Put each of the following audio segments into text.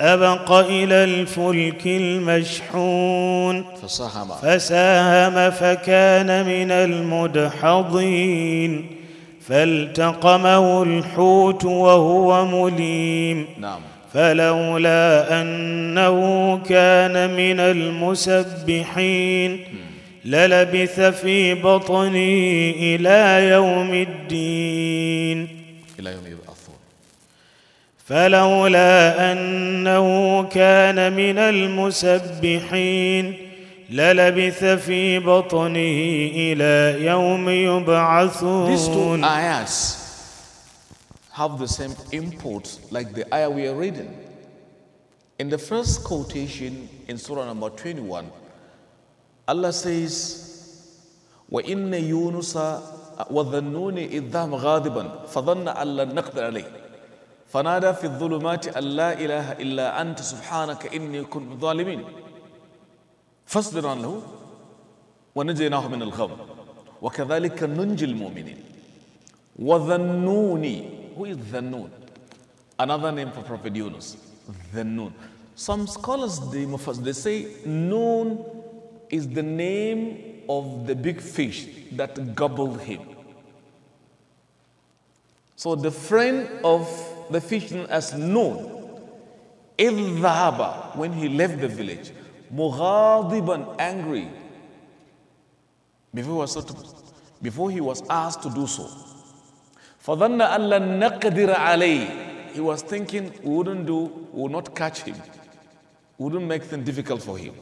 أبق إلى الفلك المشحون فساهم فساهم فكان من المدحضين فالتقمه الحوت وهو مليم نعم فلولا أنه كان من المسبحين للبث في بطني إلى يوم الدين إلى يوم الدين فلولا انه كان من المسبحين للبث في بطنه الى يوم يبعثون These two ayahs have the same import like the ayah we are reading. In the first quotation in Surah number 21, Allah says, وَإِنَّ يُونُسَ وَظَنُّونِ إِذَّهَمْ ذَهَبَ فَظَنَّ أَلَّا نَقْدِرَ عَلَيْهِ فنادى في الظلمات أن لا إله إلا أنت سبحانك إني كنت ظالمين فاصبر له ونجيناه من الغم وكذلك ننجي المؤمنين وذنوني who is ذنون another name for Prophet Yunus ذنون some scholars they, they say noon is the name of the big fish that gobbled him so the friend of the fisherman as Noon. Idhaba, when he left the village, mughadiban, angry, before he was, to, before he was asked to do so. فظن أن Allah نقدر عليه He was thinking we wouldn't do, we would not catch him. We wouldn't make things difficult for him.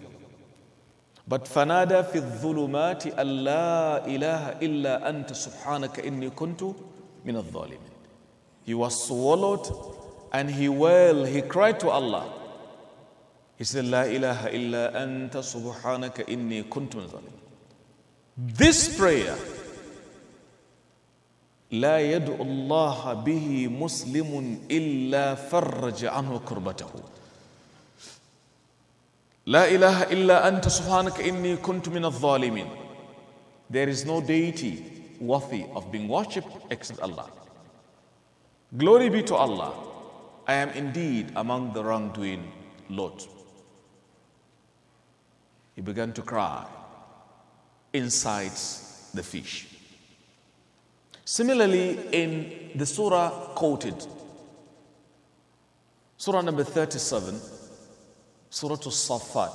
But fanada fi الظلمات أن لا illa anta أنت Inni kuntu min al الظالمين he was swallowed and he wailed, he cried to Allah. He said, La ilaha illa anta subhanaka inni kuntum zalim. This prayer, لا يدعو الله به مسلم إلا فرج عنه كربته لا إله إلا أنت سبحانك إني كنت من الظالمين There is no deity worthy of being worshipped except Allah. Glory be to Allah. I am indeed among the wrongdoing lot. He began to cry inside the fish. Similarly, in the surah quoted, surah number 37, surah to Safat,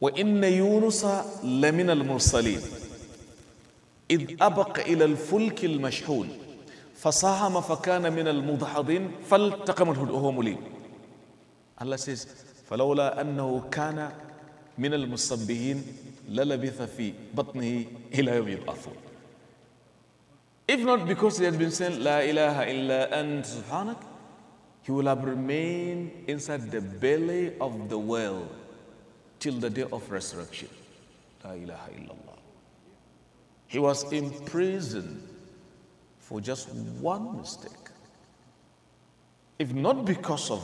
وإن يونس لمن المرسلين إذ أبق إلى الفلك المشحون فساهم فكان من المدحضين فالتقمته لي الله says فلولا أنه كان من المصبيين للبث في بطنه إلى يوم يبعثون If not because he had been saying La ilaha illa ant subhanak he will have remained inside the belly of the well till the day of resurrection La ilaha illallah He was imprisoned for just one mistake. If not because of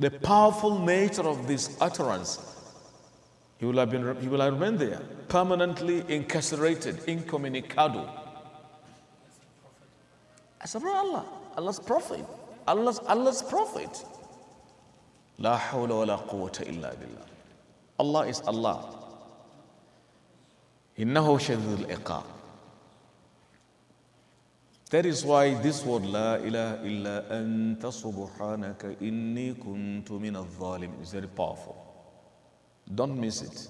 the powerful nature of this utterance, he will have, been, he will have remained there, permanently incarcerated, incommunicado. I said, Allah, Allah's prophet, Allah's, Allah's prophet. La hawla wa la quwwata illa billah. Allah is Allah. إنه شديد العقاب that is why this word, La ilaha illa anta subhanaka inni kuntu min al-zalim, is very powerful. Don't miss it.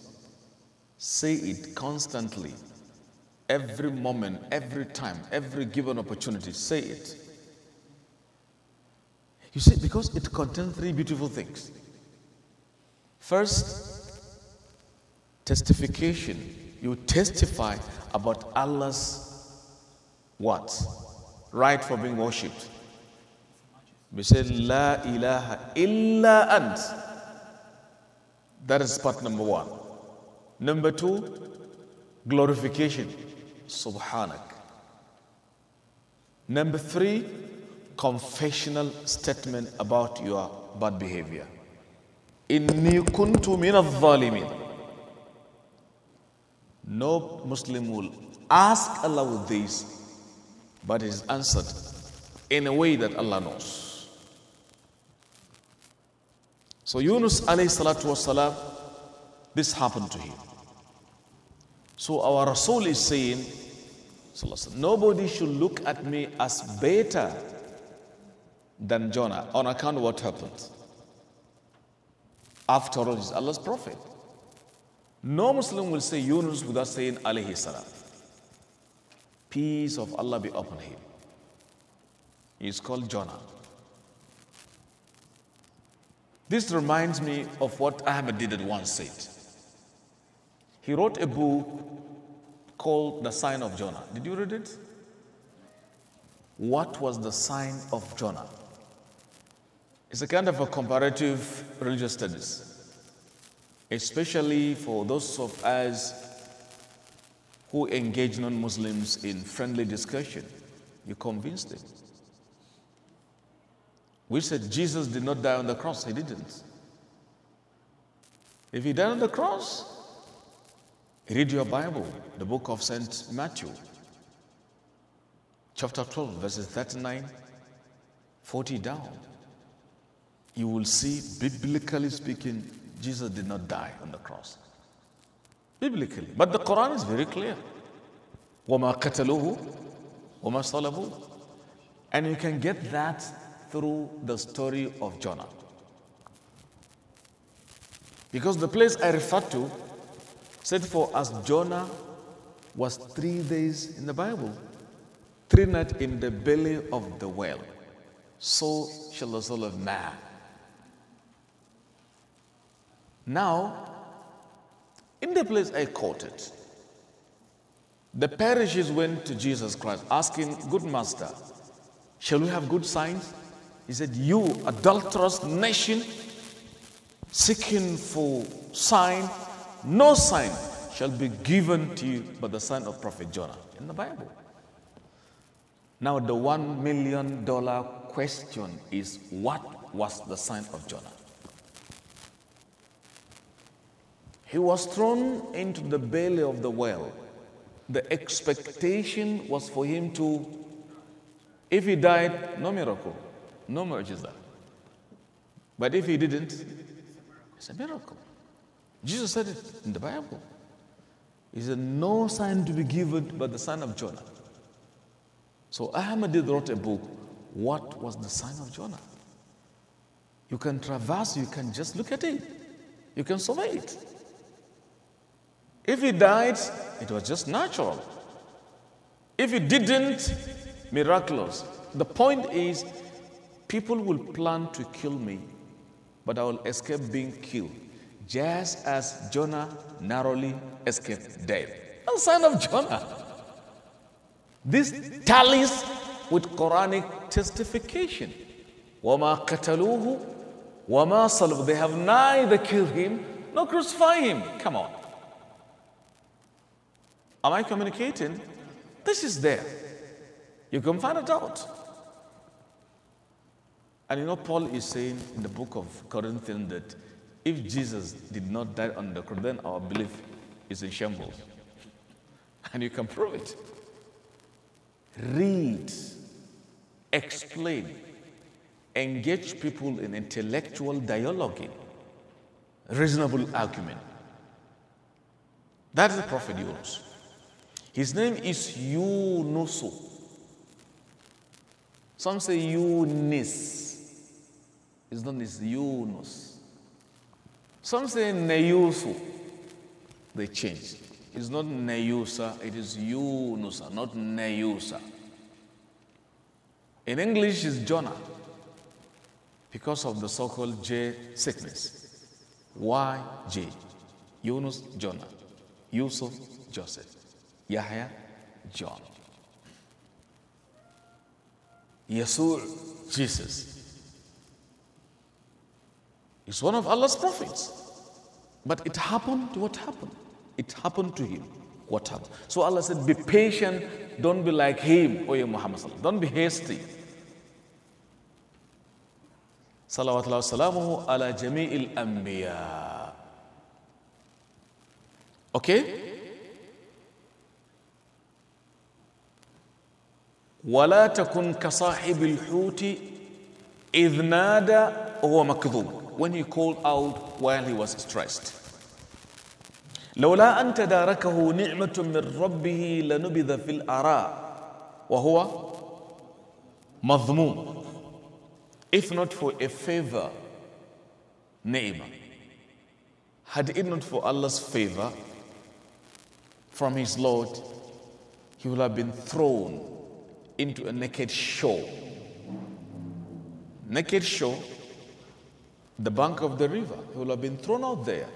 Say it constantly, every moment, every time, every given opportunity. Say it. You see, because it contains three beautiful things. First, testification. You testify about Allah's what? right for being worshipped. We say, La ilaha illa ant. That is part number one. Number two, glorification. Subhanak. Number three, confessional statement about your bad behavior. Inni كنت من الظالمين. No Muslim will ask Allah with this but it is answered in a way that Allah knows. So Yunus alayhi salatu wasalam, this happened to him. So our Rasul is saying, nobody should look at me as better than Jonah on account of what happened. After all, he's Allah's prophet. No Muslim will say Yunus without saying alayhi salam. Peace of Allah be upon him. He is called Jonah. This reminds me of what Ahmed did once said. He wrote a book called The Sign of Jonah. Did you read it? What was the sign of Jonah? It's a kind of a comparative religious studies, especially for those of us who engage non Muslims in friendly discussion. You convince them. We said Jesus did not die on the cross, he didn't. If he died on the cross, read your Bible, the book of St. Matthew, chapter 12, verses 39, 40 down. You will see, biblically speaking, Jesus did not die on the cross biblically. But the Quran is very clear. وَمَا قَتَلُوهُ وَمَا And you can get that through the story of Jonah. Because the place I refer to said for us Jonah was three days in the Bible, three nights in the belly of the whale. So shall the soul of man. Now, in the place I quoted, the parishes went to Jesus Christ asking, Good master, shall we have good signs? He said, You adulterous nation, seeking for sign, no sign shall be given to you but the sign of Prophet Jonah in the Bible. Now, the one million dollar question is what was the sign of Jonah? He was thrown into the belly of the whale. The expectation was for him to, if he died, no miracle, no mu'jiza. But if he didn't, it's a miracle. Jesus said it in the Bible. He said, No sign to be given but the sign of Jonah. So Ahmadid wrote a book, What Was the Sign of Jonah? You can traverse, you can just look at it, you can survey it. If he died, it was just natural. If he didn't, miraculous. The point is, people will plan to kill me, but I will escape being killed, just as Jonah narrowly escaped death. A sign of Jonah. This tallies with Quranic testification. وَمَا قَتَلُوهُ وَمَا صَلُوهُ They have neither killed him nor crucified him. Come on. Am I communicating? This is there. You can find it out. And you know, Paul is saying in the book of Corinthians that if Jesus did not die on the cross, then our belief is in shambles. And you can prove it. Read, explain, engage people in intellectual dialogue, reasonable argument. That is the prophet use. His name is Yunus. Some say Yunis. It's not is Yunus. Some say Neyusu. They changed. It's not Neyusa, it is Yunusa, not Neyusa. In English, it's Jonah because of the so called J sickness. YJ. Yunus, Jonah. Yusuf, Joseph. Yahya, John. Yasur, Jesus. He's one of Allah's prophets. But it happened what happened. It happened to him. What happened? So Allah said, Be patient, don't be like him, O ye Muhammad. Don't be hasty. صلوات الله وسلامه على جميع Okay? ولا تكن كصاحب الحوت إذ نادى وهو مكذوب when he called out while he was stressed لولا أن تداركه نعمة من ربه لنبذ في الأراء وهو مضموم if not for a favor نعمة had it not for Allah's favor from his Lord he would have been thrown into a naked shore. Naked shore, the bank of the river. He will have been thrown out there.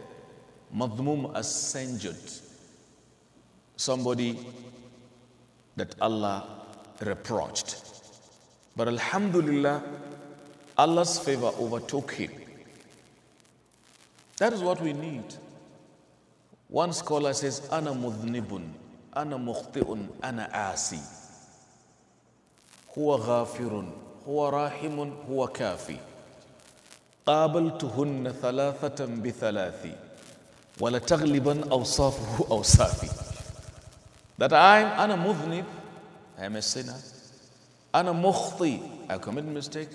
madhum as Somebody that Allah reproached. But Alhamdulillah, Allah's favor overtook him. That is what we need. One scholar says, Ana mudnibun, ana mukhti'un, ana asi. هو غافر هو راحم هو كافي قابلتهن ثلاثة بثلاث ولتغلبن أوصافه أوصافي that I am, أنا مذنب am a sinner أنا مخطي I commit mistake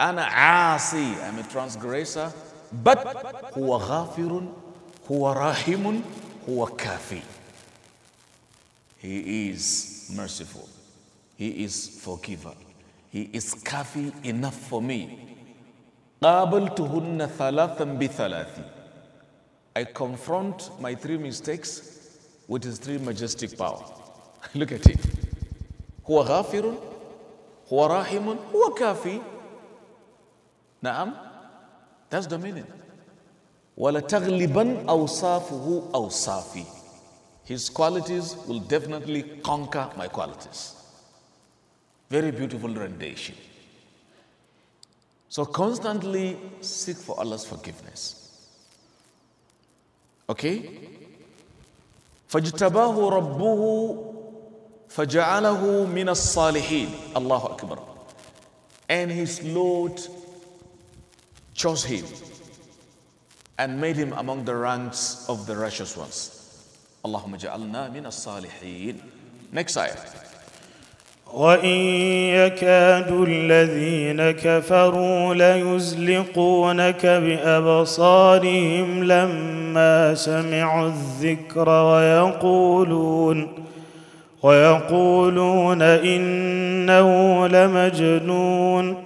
أنا عاصي am a transgressor but هو غافر هو راحم هو كافي He is merciful He is forgiver. He is kafi enough for me. قابلتهن ثلاثا بثلاث I confront my three mistakes with his three majestic power. Look at it. هو غافر هو راحم هو كافي نعم That's the meaning. وَلَتَغْلِبًا أَوْصَافُهُ أَوْصَافِي His qualities will definitely conquer my qualities. Very beautiful rendition. So constantly seek for Allah's forgiveness. Okay? فجتباه ربه فجعله من الصالحين الله أكبر and his Lord chose him and made him among the ranks of the righteous ones اللهم جعلنا من الصالحين next ayah وان يكاد الذين كفروا ليزلقونك بابصارهم لما سمعوا الذكر ويقولون ويقولون انه لمجنون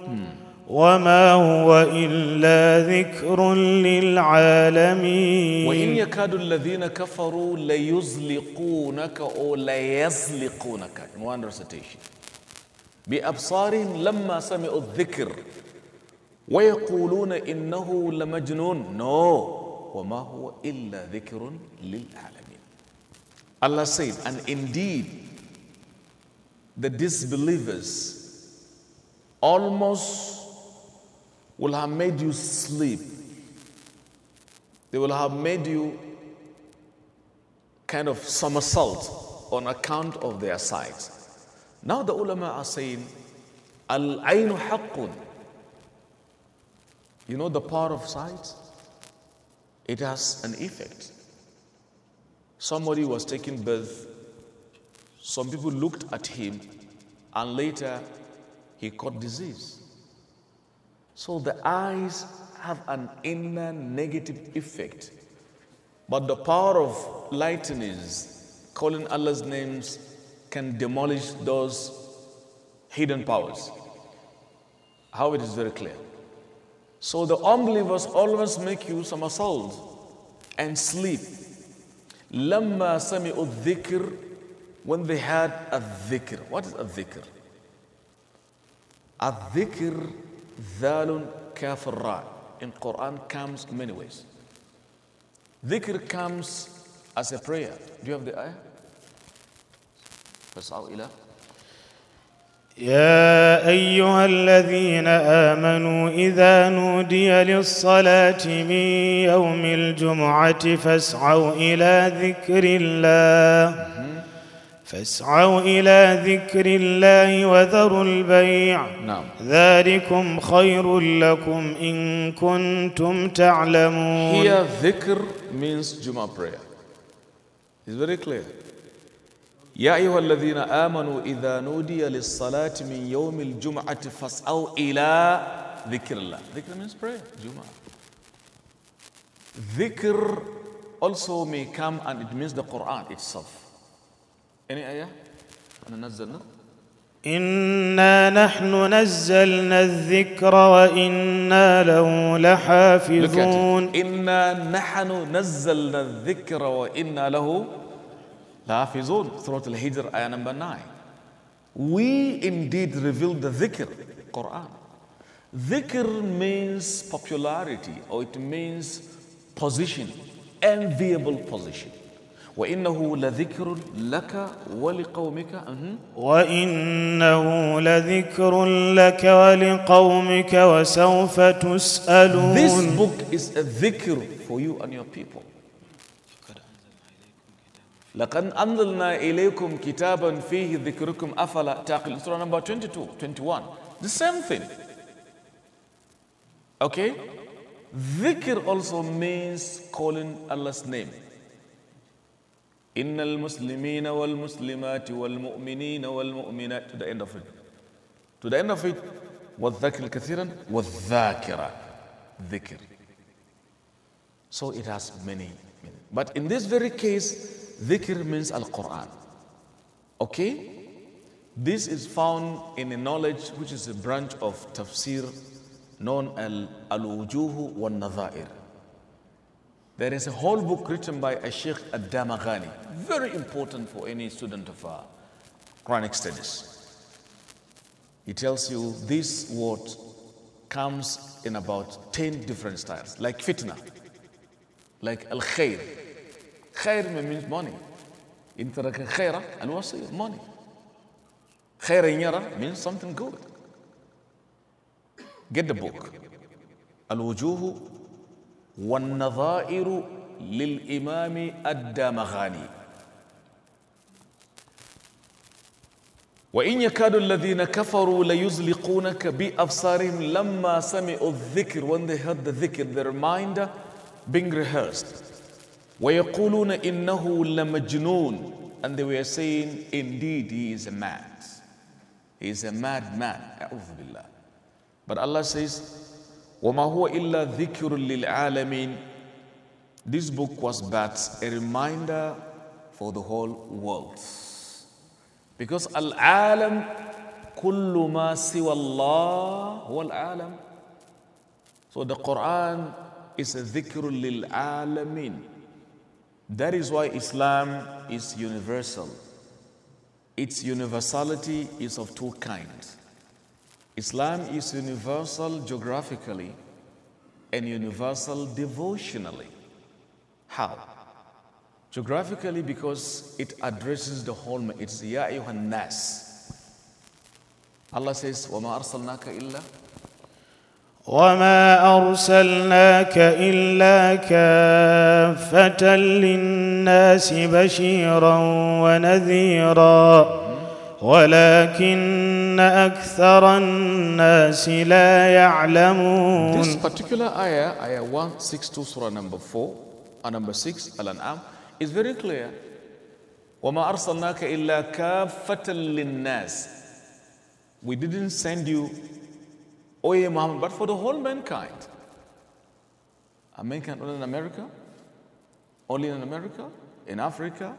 وما هو الا ذكر للعالمين وان يكاد الذين كفروا ليزلقونك او ليزلقونك one recitation بأبصارهم لما سمعوا الذكر ويقولون إنه لمجنون No وما هو إلا ذكر للعالمين Allah said and indeed the disbelievers almost will have made you sleep they will have made you kind of somersault on account of their sight now the ulama are saying, Al Ainu Haqqun. You know the power of sight? It has an effect. Somebody was taking birth. Some people looked at him, and later he caught disease. So the eyes have an inner negative effect. But the power of is calling Allah's names, can demolish those hidden powers. How it is very clear. So the unbelievers always make you somersaults and sleep. لما سمعوا dhikr when they had a dhikr. What is a dhikr? A dhikr dhalun kafirra in Quran comes many ways. Dhikr comes as a prayer. Do you have the ayah? فاسعوا إلى يا أيها الذين آمنوا إذا نودي للصلاة من يوم الجمعة فاسعوا إلى ذكر الله فاسعوا إلى ذكر الله وذروا البيع نعم. ذلكم خير لكم إن كنتم تعلمون Here ذكر means Juma prayer. It's very clear. يا أيها الذين آمنوا إذا نودي للصلاة من يوم الجمعة فاسعوا إلى ذكر الله ذكر means prayer جمعة ذكر also may come and it means the Quran itself any ayah أنا نزلنا إنا نحن نزلنا الذكر وإنا له لحافظون إنا نحن نزلنا الذكر وإنا له لَافِزُونَ Surah Al-Hijr, ayah number 9. We indeed revealed the dhikr, Quran. Dhikr means popularity or it means position, enviable position. وإنه لذكر لك ولقومك mm-hmm. وإنه لذكر لك ولقومك وسوف تسألون This book is a dhikr for you and your people. لقد أنزلنا إليكم كتابا فيه ذكركم أفلا تعقل سورة نمبر 22, 21. The same thing. Okay? ذكر also means calling Allah's name. إن المسلمين والمسلمات والمؤمنين والمؤمنات to the end of it. To the end of it والذكر كثيرا والذاكرة ذكر. So it has many, many. But in this very case, Dhikr means Al Quran. Okay? This is found in a knowledge which is a branch of tafsir known as Al Wujuhu wa Nazair. There is a whole book written by a Sheikh Ad Damaghani, very important for any student of uh, Quranic studies. He tells you this word comes in about 10 different styles, like fitna, like al khair, خير من موني انت راك خيره الوصية موني خير يرى من something good get the book الوجوه والنظائر للإمام الدامغاني وإن يكاد الذين كفروا ليزلقونك بأبصارهم لما سمعوا الذكر when they heard the ذكر their mind being rehearsed وَيَقُولُونَ إِنَّهُ لَمَجْنُونَ And they were saying, indeed, he is a mad. He is a mad man أعوذ بالله. But Allah says, وَمَا هُوَ إِلَّا ذِكْرٌ لِلْعَالَمِينَ This book was but a reminder for the whole world. Because al-alam kullu ma siwa Allah huwa al So the Quran is a ذكر للعالمين That is why Islam is universal. Its universality is of two kinds. Islam is universal geographically and universal devotionally. How? Geographically, because it addresses the whole. It's Ya Nas. Allah says, وَمَا أَرْسَلْنَاكَ إِلَّا وما ارسلناك الا كافه للناس بشيرا ونذيرا ولكن اكثر الناس لا يعلمون This particular ayah, ayah 162 surah number 4 and uh, number 6 Al-An'am is very clear. وما أرسلناك إلا كافة للناس. We didn't send you O oh, yeah, Muhammad, but for the whole mankind. Are mankind only in America? Only in America? In Africa?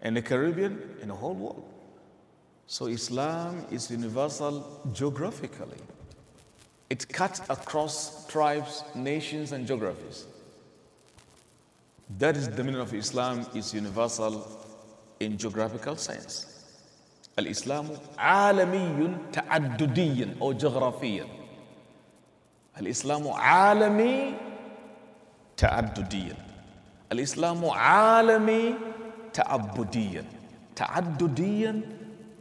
In the Caribbean? In the whole world? So Islam is universal geographically. It cuts across tribes, nations, and geographies. That is the meaning of Islam is universal in geographical sense. الإسلام عالمي تعددي أو جغرافيا الإسلام عالمي تعددي الإسلام عالمي تعبديا تعددي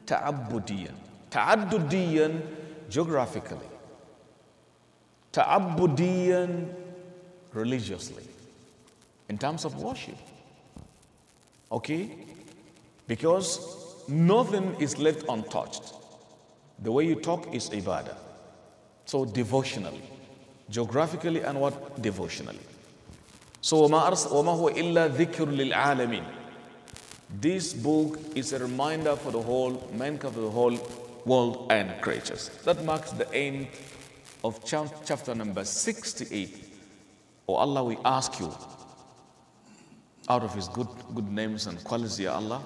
تعبديا تعددي جغرافيكلي تعبديا religiously in terms of worship okay because nothing is left untouched. The way you talk is ibadah. So devotionally, geographically and what? Devotionally. So وَمَا, أرس... وما إِلَّا ذِكْرٌ لِلْعَالَمِينَ This book is a reminder for the whole mankind, for the whole world and creatures. That marks the end of chapter number 68. Oh Allah, we ask you, out of His good, good names and qualities, Ya Allah,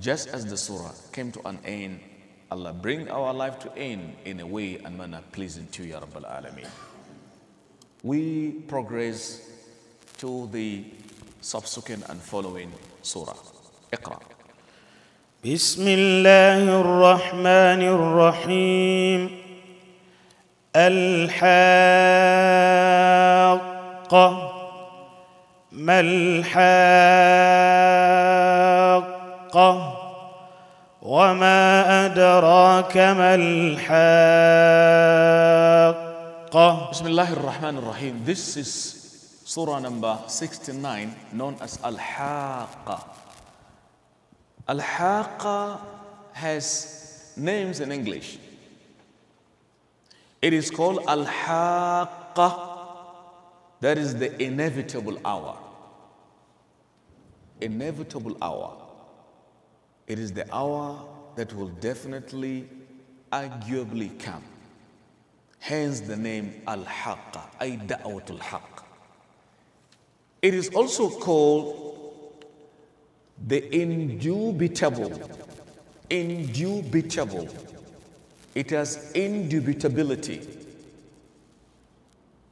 just as the surah came to an end, Allah bring our life to end in a way and manner pleasing to Your Rabbal Alameen. We progress to the subsequent and following surah. Iqra. بسم الله الرحمن الرحيم الحاقة ما الحاقة الحاقه وما ادراك ما الحاقه بسم الله الرحمن الرحيم This is surah number 69 known as al-haqa al-haqa has names in english it is called al-haqa that is the inevitable hour inevitable hour It is the hour that will definitely, arguably come. Hence the name Al Haqqa, Ay Da'watul Haqq. It is also called the indubitable. Indubitable. It has indubitability.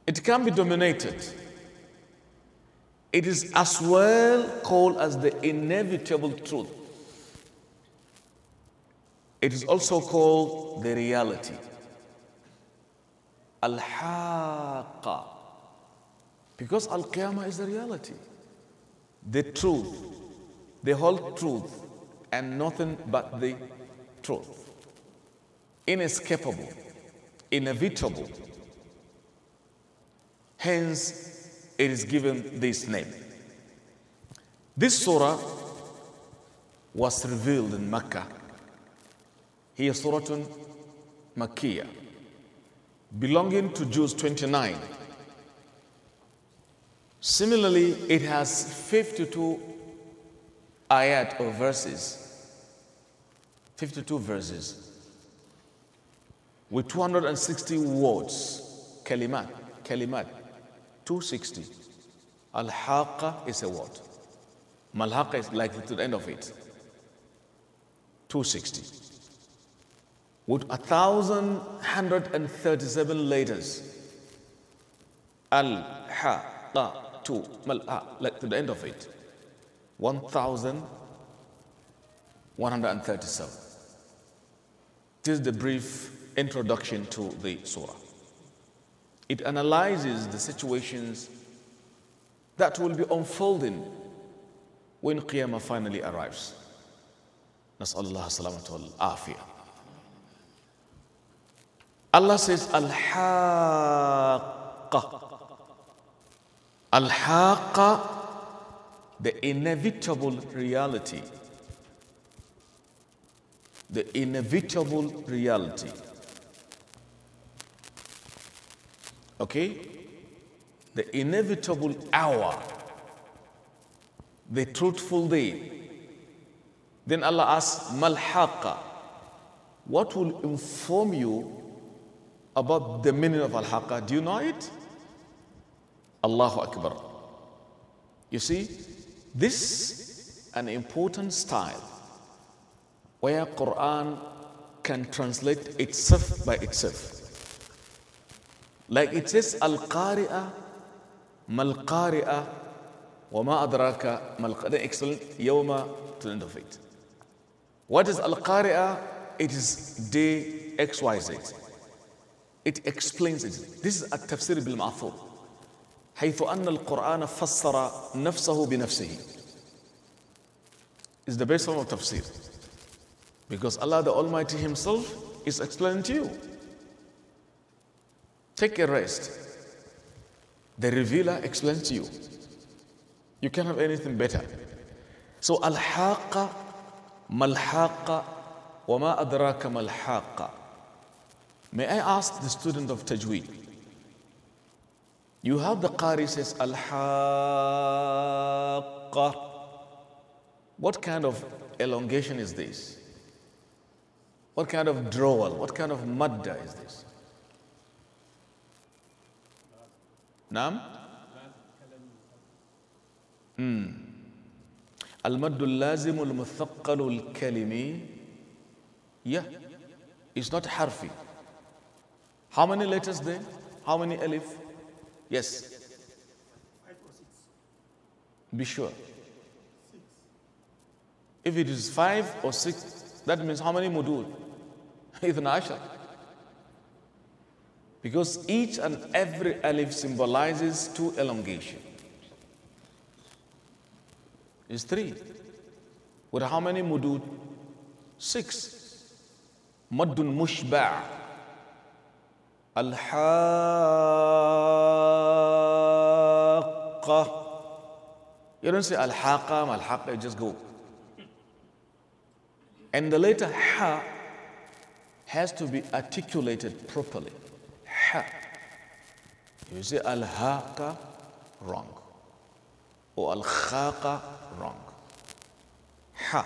It can be dominated. It is as well called as the inevitable truth. It is also called the reality. Al Haqqa. Because Al Qiyamah is the reality, the truth, the whole truth, and nothing but the truth. Inescapable, inevitable. Hence, it is given this name. This surah was revealed in Mecca هي سورة مكية belonging to Jews 29. Similarly, it has 52 ayat or verses, 52 verses with 260 words, kalimat, kalimat, 260. Al-Haqqa is a word. Malhaqqa is likely to the end of it. 260 with 1,137 letters. Al, Ha, La, Tu, Mal, A, like to the end of it. 1,137. This is the brief introduction to the surah. It analyzes the situations that will be unfolding when Qiyamah finally arrives. نسأل الله السلامة والعافية Allah says, Al Haqqa. Al Haqqa, the inevitable reality. The inevitable reality. Okay? The inevitable hour. The truthful day. Then Allah asks, Mal What will inform you about the meaning of Al Haqqa. Do you know it? Allahu Akbar. You see, this an important style where Quran can translate itself by itself. Like it says Al Qari'a, Mal Qari'a, Wama Adraka, Mal Qari'a. Excellent, Yawma to the end of it. What is Al Qari'a? It is day XYZ. It explains it. This is Tafsir التفسير بالمعفو حيث أن القرآن فسر نفسه بنفسه is the best form of tafsir. Because Allah the Almighty Himself is explaining to you. Take a rest. The revealer explains to you. You can't have anything better. So Al Haqqa, Mal Haqqa, Wama Adraka Mal Haqqa. May I ask the student of Tajweed? You have the Qari says Al What kind of elongation is this? What kind of drawal? What kind of madda is this? Nam? Hmm. المد اللازم المثقل yeah it's not harfi how many letters there? How many alif? Yes. Be sure. If it is five or six, that means how many mudud? Ibn Ashar. Because each and every alif symbolizes two elongation. It's three. With how many modul? Six. Maddun mushba' الحاقة You don't say الحاقة الحاقة you just go. And the letter ha has to be articulated properly. Ha. You say الحاقة wrong. Or alhaqa wrong. Ha.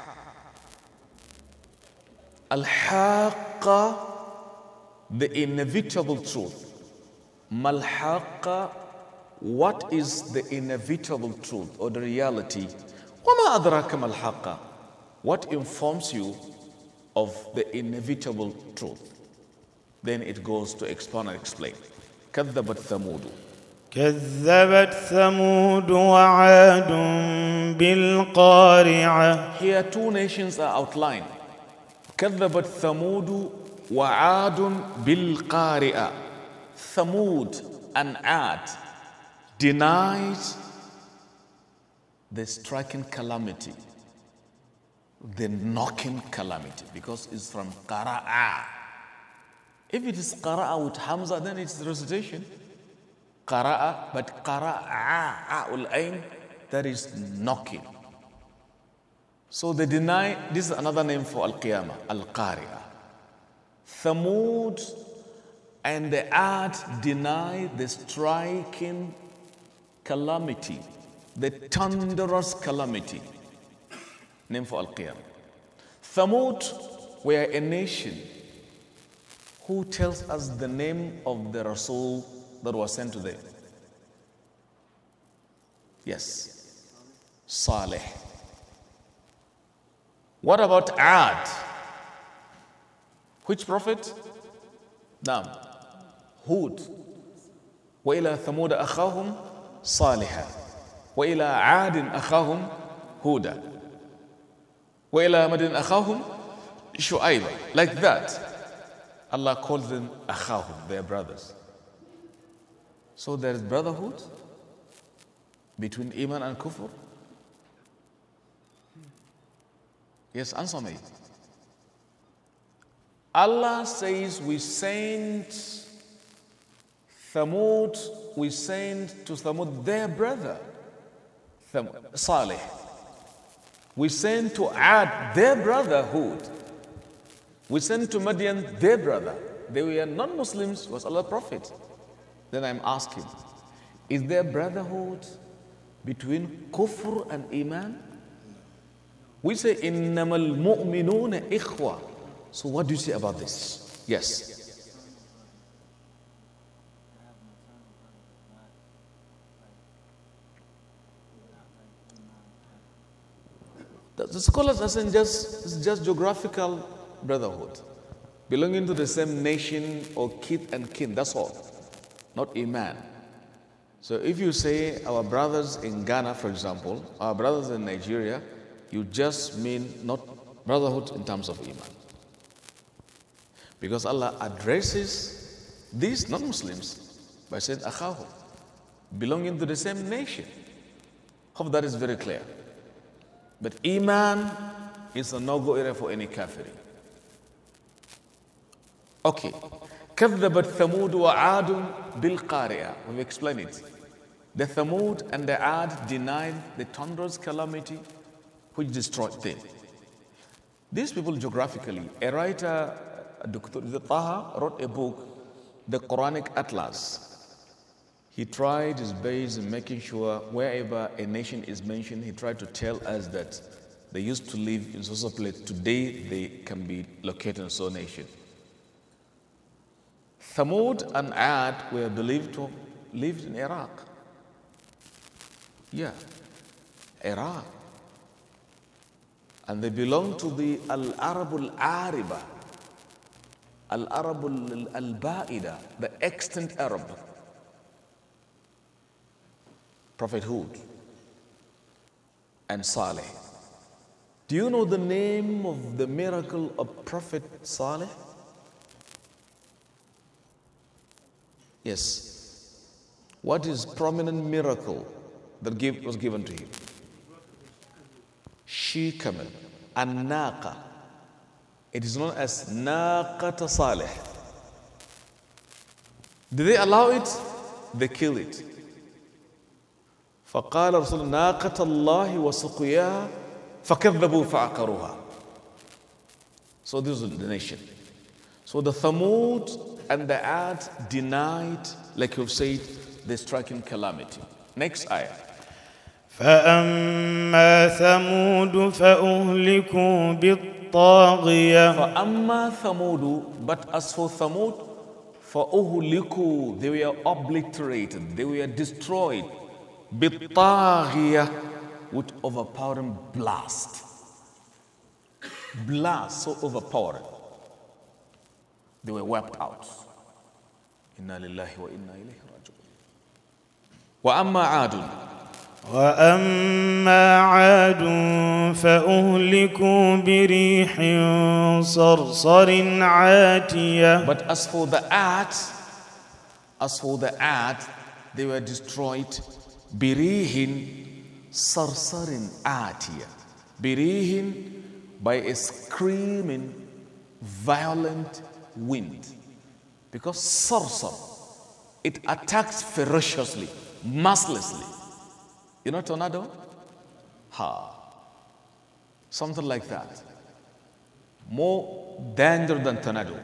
الحاقة the inevitable truth. Malhaqa, what is the inevitable truth or the reality? what informs you of the inevitable truth? Then it goes to expound and explain. كذبت ثمود كذبت ثمود وعاد بالقارعة Here two nations are outlined كذبت ثمود وعاد بالقارئة ثمود and Ad denied the striking calamity, the knocking calamity, because it's from قراءة. If it is قراءة with Hamza, then it's recitation. قراءة. but Qara'a, A'ul Ain, that is knocking. So they deny, this is another name for Al Qiyamah, Al Qari'ah. Thamud and the Ad deny the striking calamity, the thunderous calamity. Name for Al Qiyamah. Thamud were a nation who tells us the name of the Rasul that was sent to them. Yes, Saleh. What about Ad? Which prophet? Nam. Hud. وإلى ثمود أخاهم صالحا وإلى عاد أخاهم هودا وإلى مدن أخاهم شعيبا like that Allah calls them أخاهم their brothers so there is brotherhood between Iman and Kufr Yes, answer me. Allah says, We sent Thamud, we sent to Thamud their brother, Thamud, Salih. We sent to Ad their brotherhood. We sent to Madian their brother. They were non Muslims, was Allah Prophet. Then I'm asking, is there brotherhood between kufr and iman? We say, Innamal mu'minuna ikhwa. So, what do you say about this? Yes. The scholars are saying just, it's just geographical brotherhood, belonging to the same nation or kith and kin, that's all, not Iman. So if you say our brothers in Ghana, for example, our brothers in Nigeria, you just mean not brotherhood in terms of Iman. Because Allah addresses these non Muslims by saying, Akhahu, belonging to the same nation. Hope that is very clear. But Iman is a no go area for any kafir. Okay. كذبت ثمود وعاد بالقارعة. we explain it. The Thamud and the Ad denied the thunderous calamity which destroyed them. These people geographically, a writer, Dr. Taha, wrote a book, The Quranic Atlas. He tried his best in making sure wherever a nation is mentioned, he tried to tell us that they used to live in such a place. Today, they can be located in such a nation. Thamud and Ad were believed to have lived in Iraq. Yeah, Iraq. And they belong to the Al Arabul Ariba, Al Arabul Al Ba'ida, the extant Arab. Prophet Hud and Saleh. Do you know the name of the miracle of Prophet Saleh? Yes. What is prominent miracle that give, was given to him? Shikaman, and Naqa. It is known as Naqata Salih. Did they allow it? They kill it. فقال رسول ناقة الله وسقياها فكذبوا فعقروها. So this is the nation. So the Thamud and the Ad denied, like you've said, the striking calamity. Next ayah. فأما ثمود فأهلكوا بالطاغية فأما ثمود but as for ثمود فأهلكوا they were obliterated they were destroyed بالطاغية with overpowering blast blast so overpowering they were wiped out إنا لله وإنا إليه راجعون وأما عاد واما عاد فاهلكوا بريح صرصر عاتيه But as for the art, as for the art, they were destroyed بريح صرصر عاتيه بريح by a screaming violent wind because صرصر it attacks ferociously mercilessly You know tornado? Ha. Something like that. More danger than tornado.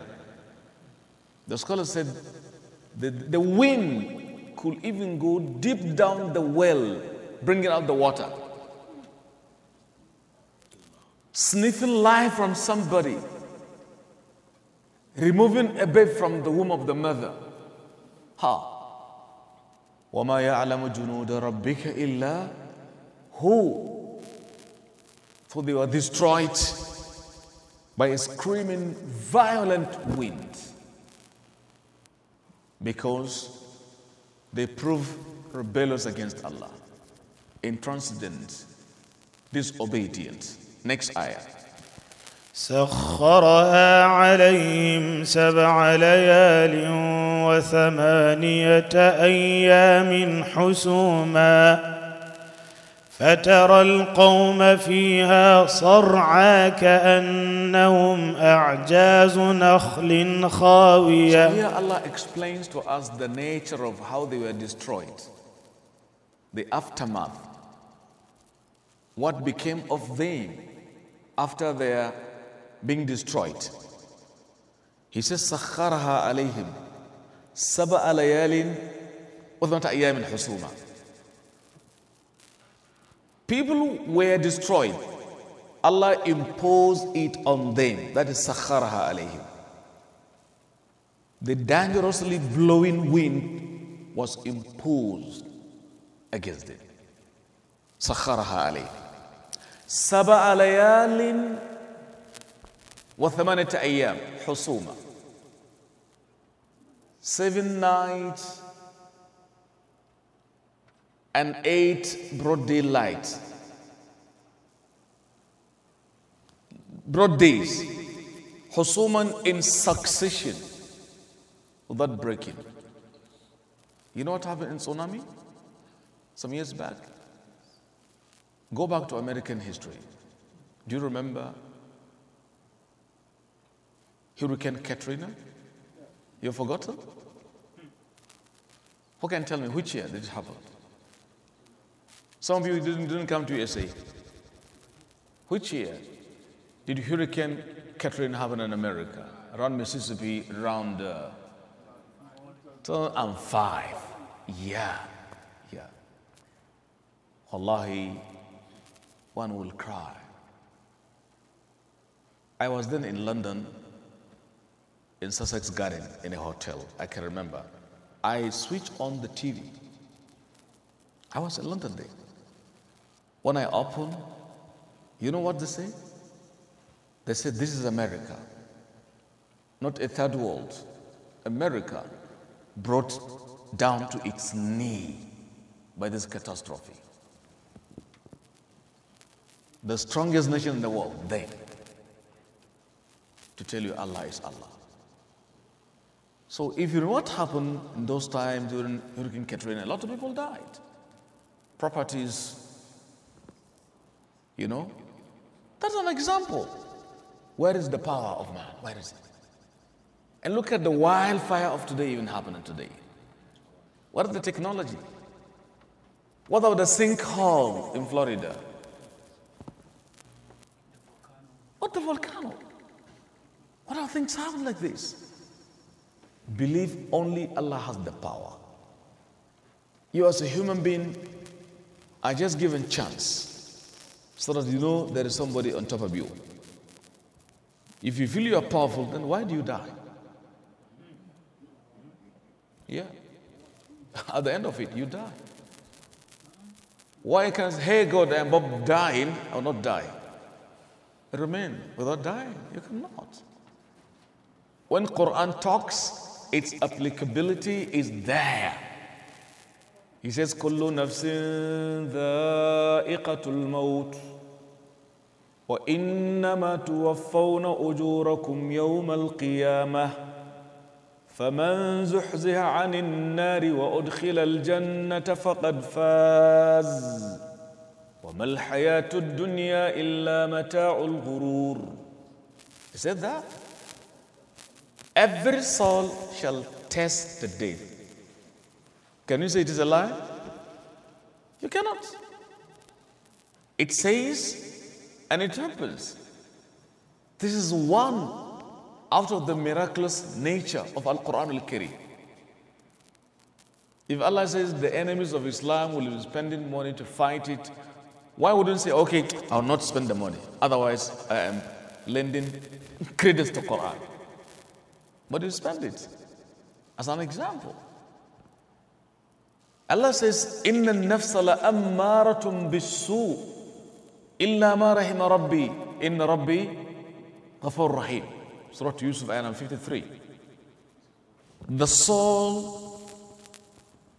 The scholar said the, the wind could even go deep down the well, bringing out the water. Sniffing life from somebody, removing a babe from the womb of the mother. How? وَمَا يَعْلَمُ جُنُودَ رَبِّكَ إِلَّا Who? For they were destroyed by a screaming, violent wind because they prove rebellious against Allah, intransigent, disobedient. Next ayah. سخرها عليهم سبع ليال وثمانيه ايام حسوما فترى القوم فيها صرعى كانهم اعجاز نخل خاويه so here Allah explains to us the nature of how they were destroyed the aftermath what became of them after their being destroyed. He says, سخرها عليهم سبع ليال وثمانية أيام People were destroyed. Allah imposed it on them. That is سخرها عليهم. The dangerously blowing wind was imposed against them. سخرها عليهم. سبع alayalin. وثمانية أيام حصومة seven nights and eight broad daylight broad days husuman in succession without breaking you know what happened in tsunami some years back go back to american history do you remember Hurricane Katrina? You've forgotten? Who can tell me which year did it happen? Some of you didn't, didn't come to USA. Which year did Hurricane Katrina happen in America? Around Mississippi, around uh, 2005. Yeah, yeah. Wallahi, one will cry. I was then in London in Sussex Garden in a hotel, I can remember. I switched on the TV. I was in London then. When I opened, you know what they say? They said, This is America, not a third world. America brought down to its knee by this catastrophe. The strongest nation in the world, they. To tell you Allah is Allah. So if you know what happened in those times during Hurricane Katrina, a lot of people died. Properties, you know. That's an example. Where is the power of man? Where is it? And look at the wildfire of today even happening today. What is the technology? What about the sinkhole in Florida? What the volcano? What are things happening like this? Believe only Allah has the power. You as a human being are just given chance so that you know there is somebody on top of you. If you feel you are powerful, then why do you die? Yeah. At the end of it, you die. Why can not hey God, I am dying or not die? Remain without dying. You cannot. When Quran talks, Its applicability is there. He says, كل نفس ذائقة الموت وإنما توفون أجوركم يوم القيامة فمن زحزح عن النار وأدخل الجنة فقد فاز وما الحياة الدنيا إلا متاع الغرور He said that? Every soul shall taste the death. Can you say it is a lie? You cannot. It says and it happens. This is one out of the miraculous nature of Al Quran al Kareem. If Allah says the enemies of Islam will be spending money to fight it, why wouldn't say, okay, I'll not spend the money? Otherwise, I am lending credence to Quran. But you spend it as an example. Allah says, Inna nafsala la ammaratum bisu illa ma rahim rabbi inna rabbi ghafur rahim. Surah Yusuf, Ayah 53. The soul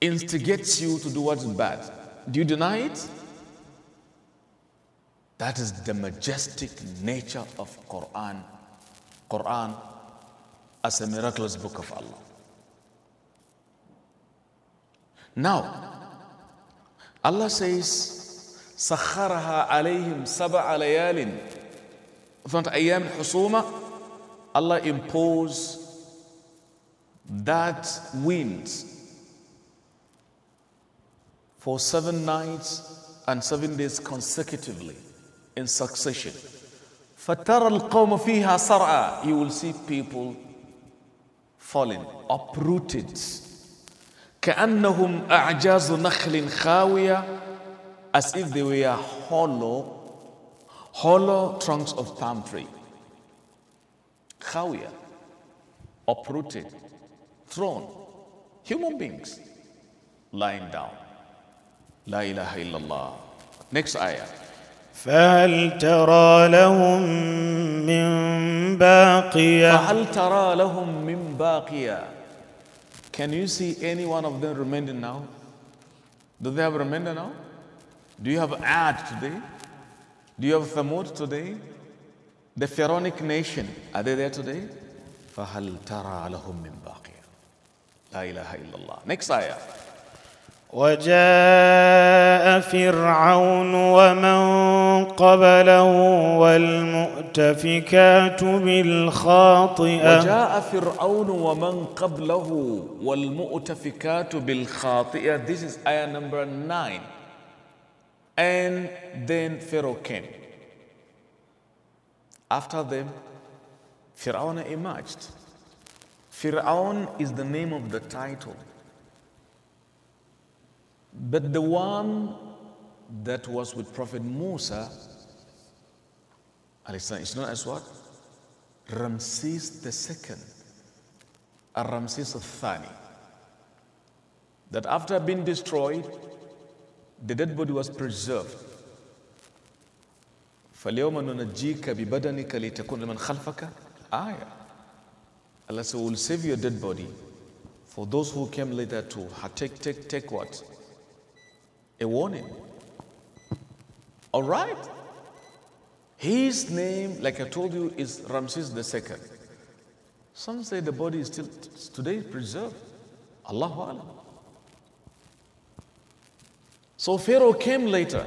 instigates you to do what's bad. Do you deny it? That is the majestic nature of Quran. Quran as a miraculous book of Allah. Now, Allah says, سخرها عليهم سبع ليال ثمة أيام الحصومة Allah impose that wind for seven nights and seven days consecutively in succession. فَتَرَى الْقَوْمَ فِيهَا سَرْعًا You will see people fallen, uprooted. كأنهم أعجاز نخل خاوية as if they were hollow, hollow trunks of palm tree. خاوية, uprooted, thrown, human beings lying down. La ilaha illallah. Next ayah. فهل ترى لهم من باقية فهل ترى لهم من باقية Can you see any one of them remaining now? Do they have remainder now? Do you have Ad today? Do you have Thamud today? The Pharaonic nation, are they there today? فهل ترى لهم من باقية لا إله إلا الله Next ayah وجاء فرعون ومن قبله والمؤتفكات بالخاطئه وجاء فرعون ومن قبله والمؤتفكات بالخاطئه This is ayah number 9 And then Pharaoh came After them Fir'aun emerged Fir'aun is the name of the title But the one that was with Prophet Musa, it's known as what? Ramses the second, or Ramses Thani. That after being destroyed, the dead body was preserved. فَالْيَوْمَ نُنَجِّيكَ بِبَدَنِكَ لِتَكُونَ لِمَنْ خَلْفَكَ آيَةً Allah said, will save your dead body for those who came later to take, take, take what? a warning. All right? His name, like I told you, is Ramses II. Some say the body is still today preserved. Allahu Alam. So Pharaoh came later.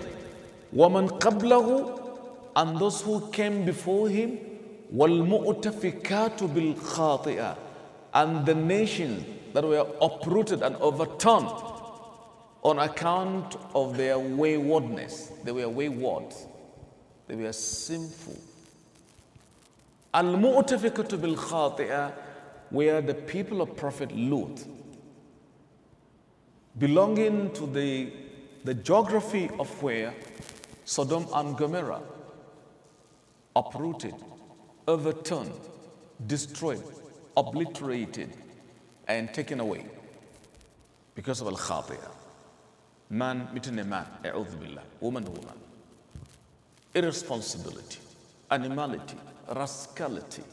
Woman qablahu and those who came before him والمؤتفكات بالخاطئة and the nations that were uprooted and overturned on account of their waywardness. They were wayward, they were sinful. Al Mu'tafikatu bil Khati'ah were the people of Prophet Lut, belonging to the, the geography of where Sodom and Gomorrah uprooted, overturned, destroyed, obliterated, and taken away because of Al Khati'ah man meeting a man, billah, woman to woman. Irresponsibility, animality, rascality,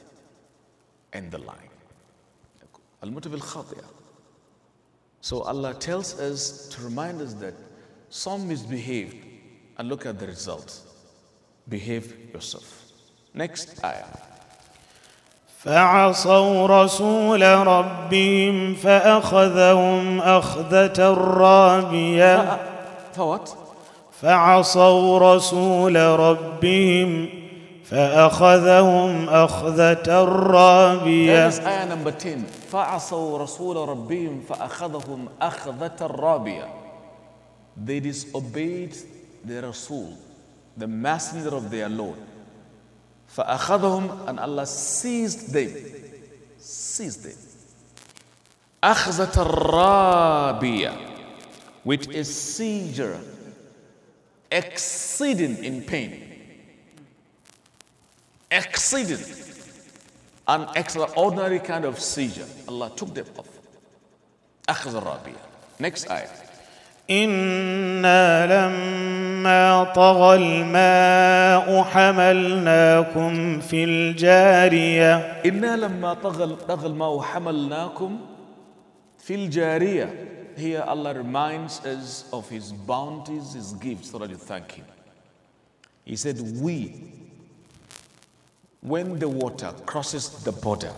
and the like. Al-Mutaf So Allah tells us to remind us that some misbehaved and look at the results. Behave yourself. Next ayah. فعصوا رسول ربهم فأخذهم أخذة رابية فعصوا رسول ربهم فأخذهم أخذة رابية That is number 10 فعصوا رسول ربهم فأخذهم أخذة رابية They disobeyed their Rasul, the messenger of their Lord فأخذهم and Allah seized them. Seized them. أخذت الرابية which is seizure exceeding in pain. Exceeding. An extraordinary kind of seizure. Allah took them off. أخذ الرابية. Next ayah. انا لما طغى الماء حملناكم في الجاريه انا لما طغى طغى الماء حملناكم في الجاريه Here Allah reminds us of His bounties, His gifts, so that you thank Him. He said, We, when the water crosses the border,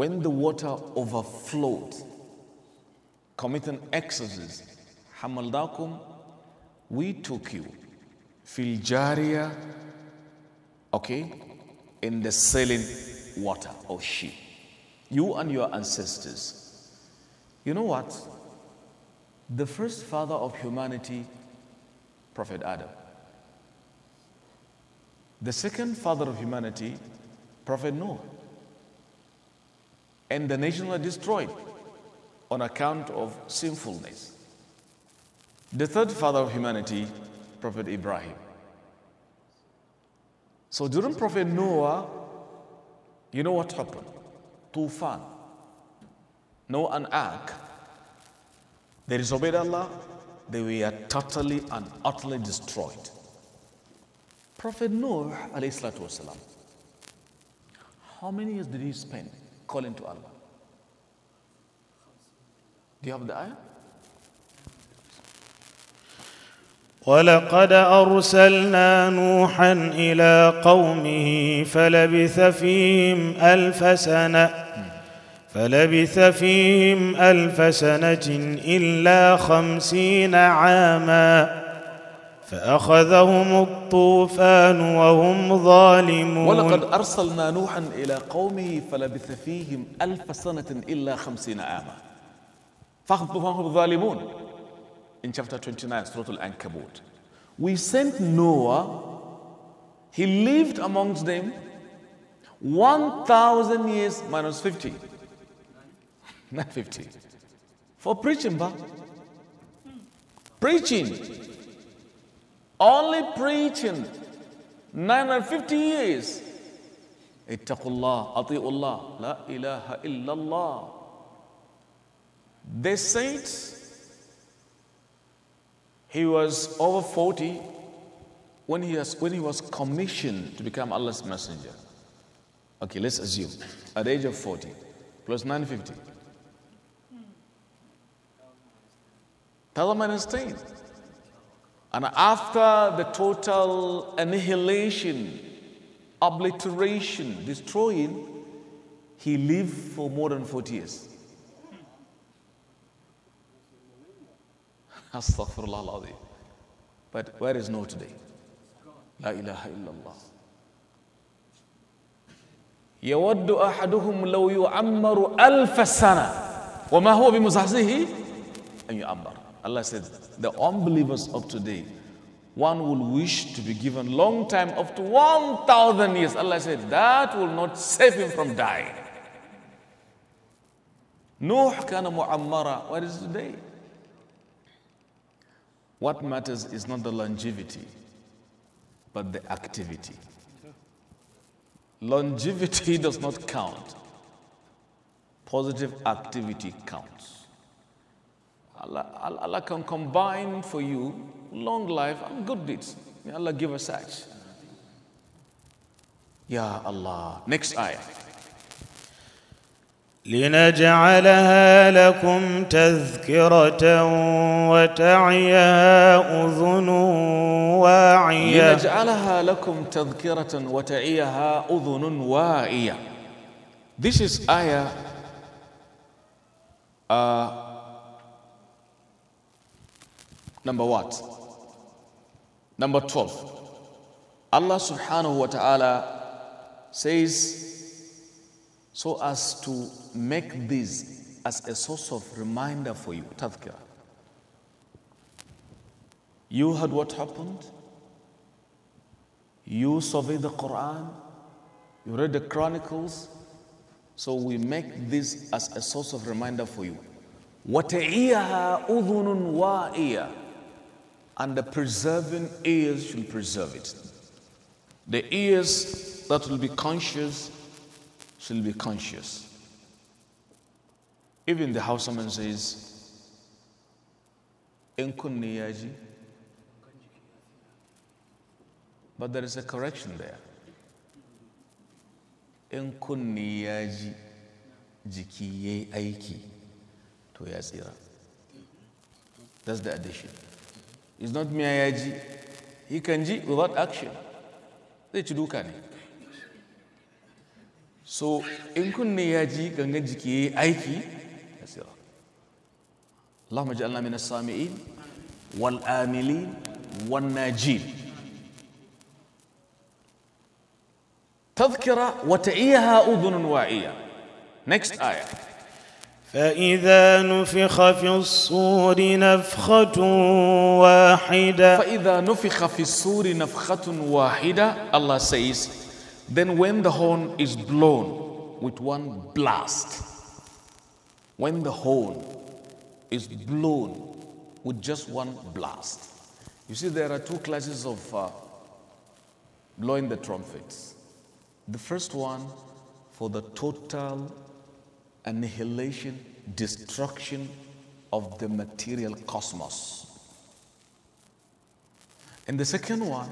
when the water overflows, committing an exorcism, حملناكم we took you fil jariya okay in the selling water or sheep you and your ancestors you know what the first father of humanity prophet adam the second father of humanity prophet noah and the nation were destroyed on account of sinfulness the third father of humanity, Prophet Ibrahim. So during Prophet Noah, you know what happened? Tufan. No an ark. They disobeyed Allah, they were totally and utterly destroyed. Prophet Noah, alayhi salatu how many years did he spend calling to Allah? Do you have the ayah? ولقد ارسلنا نوحا الى قومه فلبث فيهم الف سنه فلبث فيهم الف سنه الا خمسين عاما فاخذهم الطوفان وهم ظالمون ولقد ارسلنا نوحا الى قومه فلبث فيهم الف سنه الا خمسين عاما فاخذهم ظالمون in chapter 29, total and Ankabut. We sent Noah, he lived amongst them 1,000 years minus 50. Not 50. For preaching, but preaching. Only preaching. 950 years. Ittaqullah, ati'ullah, la ilaha illallah. They saints. He was over 40 when he was, when he was commissioned to become Allah's messenger. Okay, let's assume at the age of 40 plus 950. Palestine. And after the total annihilation, obliteration, destroying, he lived for more than 40 years. Astaghfirullah al But where is no today? La ilaha illallah. يود أحدهم لو يعمر ألف سنة وما هو بمزحزحه أن يعمر Allah said the unbelievers of today one will wish to be given long time up to 1000 years Allah said that will not save him from dying Nuh كان معمرا what is today what matters is not the longevity, but the activity. Longevity does not count. Positive activity counts. Allah, Allah can combine for you long life and good deeds. May Allah give us such. Ya Allah. Next ayah. لنجعلها لكم تذكرة وتعيها أذن واعية لنجعلها لكم تذكرة وتعيها أذن واعية This is ayah uh, number what? Number 12 Allah subhanahu wa ta'ala says so as to make this as a source of reminder for you. Tadhkirah. You heard what happened. You surveyed the Quran. You read the Chronicles. So we make this as a source of reminder for you. وَتَعِيَهَا wa وَائِيَةٌ And the preserving ears should preserve it. The ears that will be conscious She'll be conscious. Even the houseman says, but there is a correction there in ya jiki ya aiki that's the addition it's not miyaji. ya he can ji without action They should do ne so in kunne ya ji gangan jiki ya aiki ya tsira Allah maji'alna min as-sami'in wal amilin wan najin wa ta'iha udhun wa'iya next ayah فإذا نفخ في الصور نفخة واحدة فإذا نفخ في الصور نفخة واحدة الله says Then, when the horn is blown with one blast, when the horn is blown with just one blast, you see, there are two classes of uh, blowing the trumpets. The first one for the total annihilation, destruction of the material cosmos. And the second one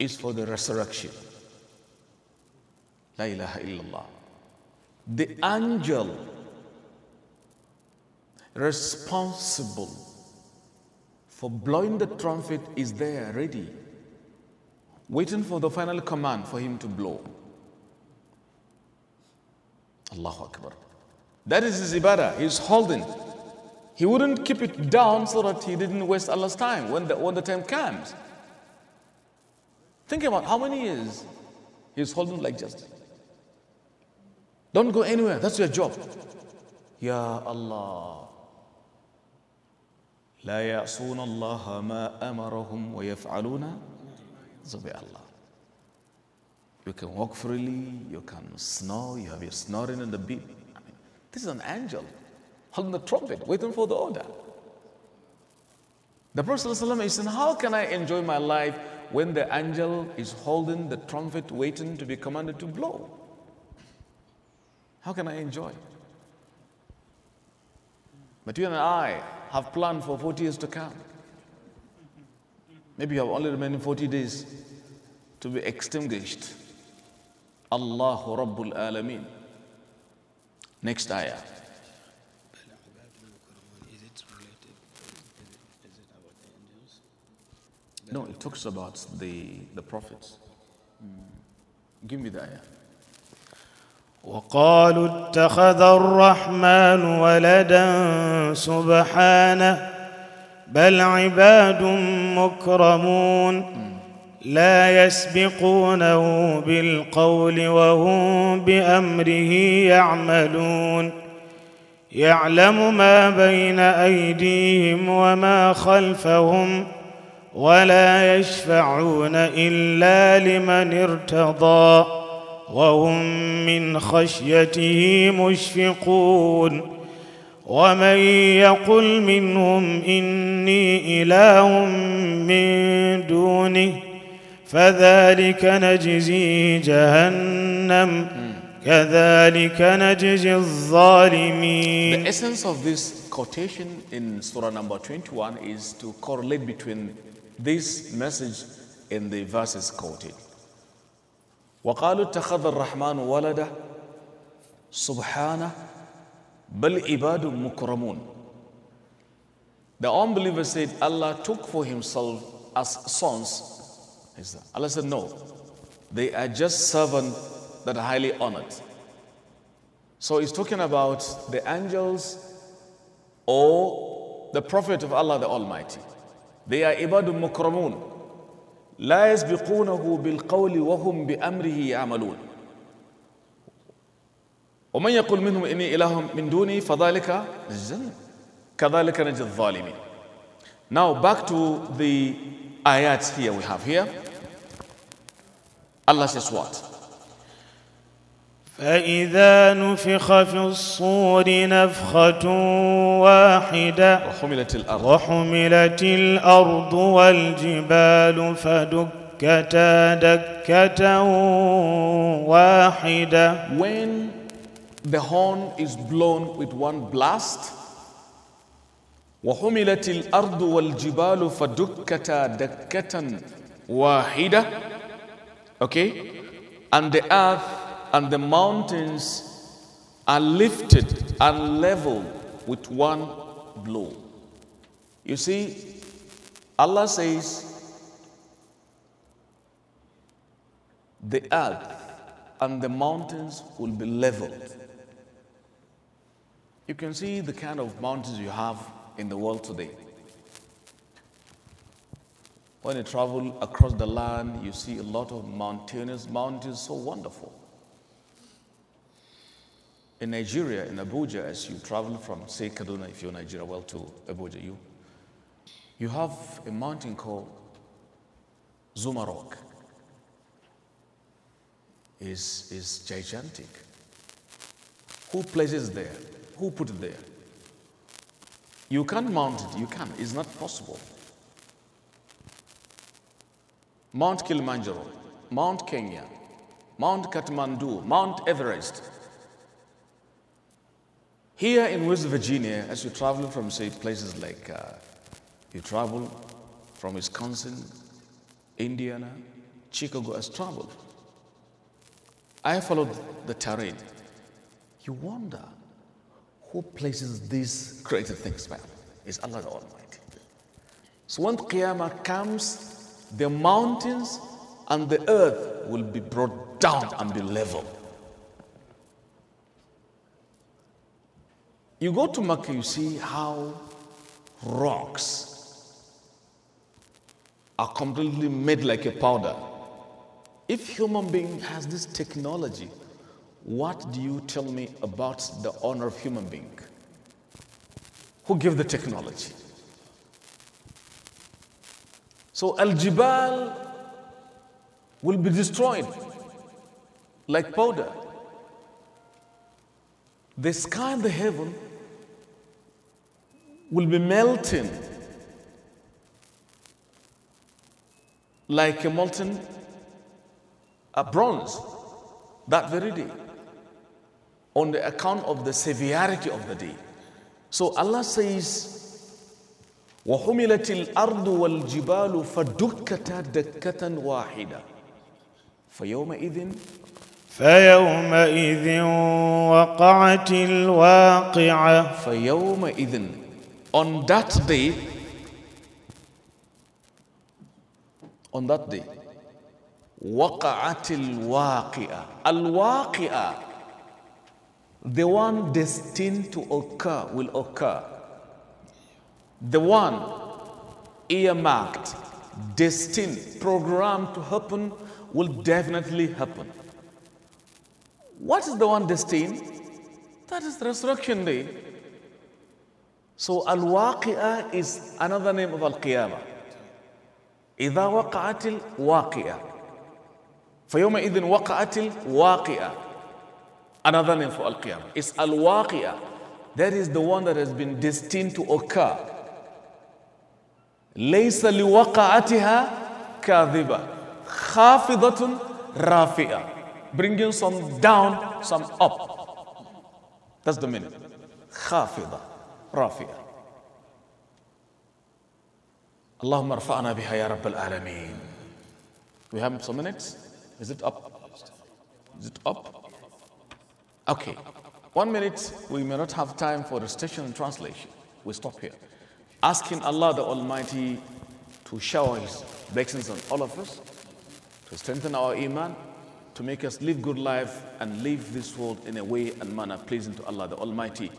is for the resurrection. La ilaha illallah. The angel responsible for blowing the trumpet is there ready, waiting for the final command for him to blow. Allahu Akbar. That is his ibadah, he's holding. He wouldn't keep it down so that he didn't waste Allah's time when the, when the time comes. Think about how many years he's holding like just don't go anywhere. That's your job. Ya Allah. لا يعصون الله ما أمرهم ويفعلون زبي Allah. You can walk freely, you can snore, you have your snoring in the beat. I mean, this is an angel holding the trumpet, waiting for the order. The Prophet ﷺ is saying, How can I enjoy my life when the angel is holding the trumpet, waiting to be commanded to blow? How can I enjoy? But you and I have planned for 40 years to come. Maybe you have only remaining 40 days to be extinguished. Allahu Rabbul Alameen. Next ayah. No, it talks about the, the prophets. Mm. Give me the ayah. وقالوا اتخذ الرحمن ولدا سبحانه بل عباد مكرمون لا يسبقونه بالقول وهم بامره يعملون يعلم ما بين ايديهم وما خلفهم ولا يشفعون الا لمن ارتضى وهم من خشيته مشفقون ومن يقل منهم اني اله من دونه فذلك نجزي جهنم كذلك نجزي الظالمين The essence of this quotation in surah number 21 is to correlate between this message and the verses quoted. وقالوا اتخذ الرحمن ولده سبحانه بل عباد مكرمون The unbelievers said Allah took for himself as sons. Allah said no, they are just servants that are highly honored. So he's talking about the angels or the prophet of Allah the Almighty. They are ibadu mukramun. لا يسبقونه بالقول وهم بأمره يعملون ومن يقول منهم إني إله من دوني فذلك الجنة كذلك نجد الظالمين Now back to the ayats here we have here. Allah says what? فإذا نفخ في الصور نفخة واحدة وحملت الأرض وحملت الأرض والجبال فدكتا دكة واحدة When the horn is blown with one blast وحملت الأرض والجبال فدكتا دكة واحدة Okay and the earth and the mountains are lifted and leveled with one blow. You see, Allah says, the earth and the mountains will be leveled. You can see the kind of mountains you have in the world today. When you travel across the land, you see a lot of mountainous mountains, so wonderful in Nigeria, in Abuja, as you travel from, say, Kaduna, if you're Nigeria, well, to Abuja, you, you have a mountain called Zuma Rock. Is, is gigantic. Who places there? Who put it there? You can't mount it. You can't. It's not possible. Mount Kilimanjaro, Mount Kenya, Mount Kathmandu, Mount Everest, here in West Virginia, as you travel from, say, places like uh, you travel from Wisconsin, Indiana, Chicago as travel, I followed the terrain. You wonder who places these created things Man, It's Allah the Almighty. So when Qiyamah comes, the mountains and the earth will be brought down and be leveled. You go to Makkah, you see how rocks are completely made like a powder. If human being has this technology, what do you tell me about the honor of human being? Who gave the technology? So Al-Jibal will be destroyed like powder. The sky and the heaven will be melting like a molten a bronze that very day on the account of the severity of the day. So Allah says, وحملت الأرض والجبال فدكتا دكة واحدة فيومئذ فيومئذ وقعت الواقعة فيومئذ on that day, on that day, وقعت الواقعة الواقعة the one destined to occur will occur the one earmarked destined programmed to happen will definitely happen what is the one destined that is the resurrection day so Al Waqi'ah is another name of Al Qiyamah. إذا وقعت الواقعة فيومئذ وقعت الواقعة Another name for Al Qiyamah is Al Waqi'ah. That is the one that has been destined to occur. ليس لوقعتها كاذبة خافضة رافئة bringing some down some up that's the meaning خافضة رافعة اللهم ارفعنا بها يا رب العالمين We have some minutes? Is it up? Is it up? Okay. One minute, we may not have time for recitation and translation. We stop here. Asking Allah the Almighty to shower His blessings on all of us, to strengthen our iman, to make us live good life and live this world in a way and manner pleasing to Allah the Almighty.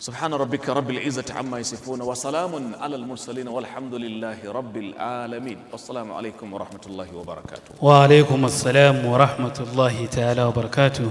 سبحان ربك رب العزة عما يصفون وسلام على المرسلين والحمد لله رب العالمين والسلام عليكم ورحمة الله وبركاته وعليكم السلام ورحمة الله تعالى وبركاته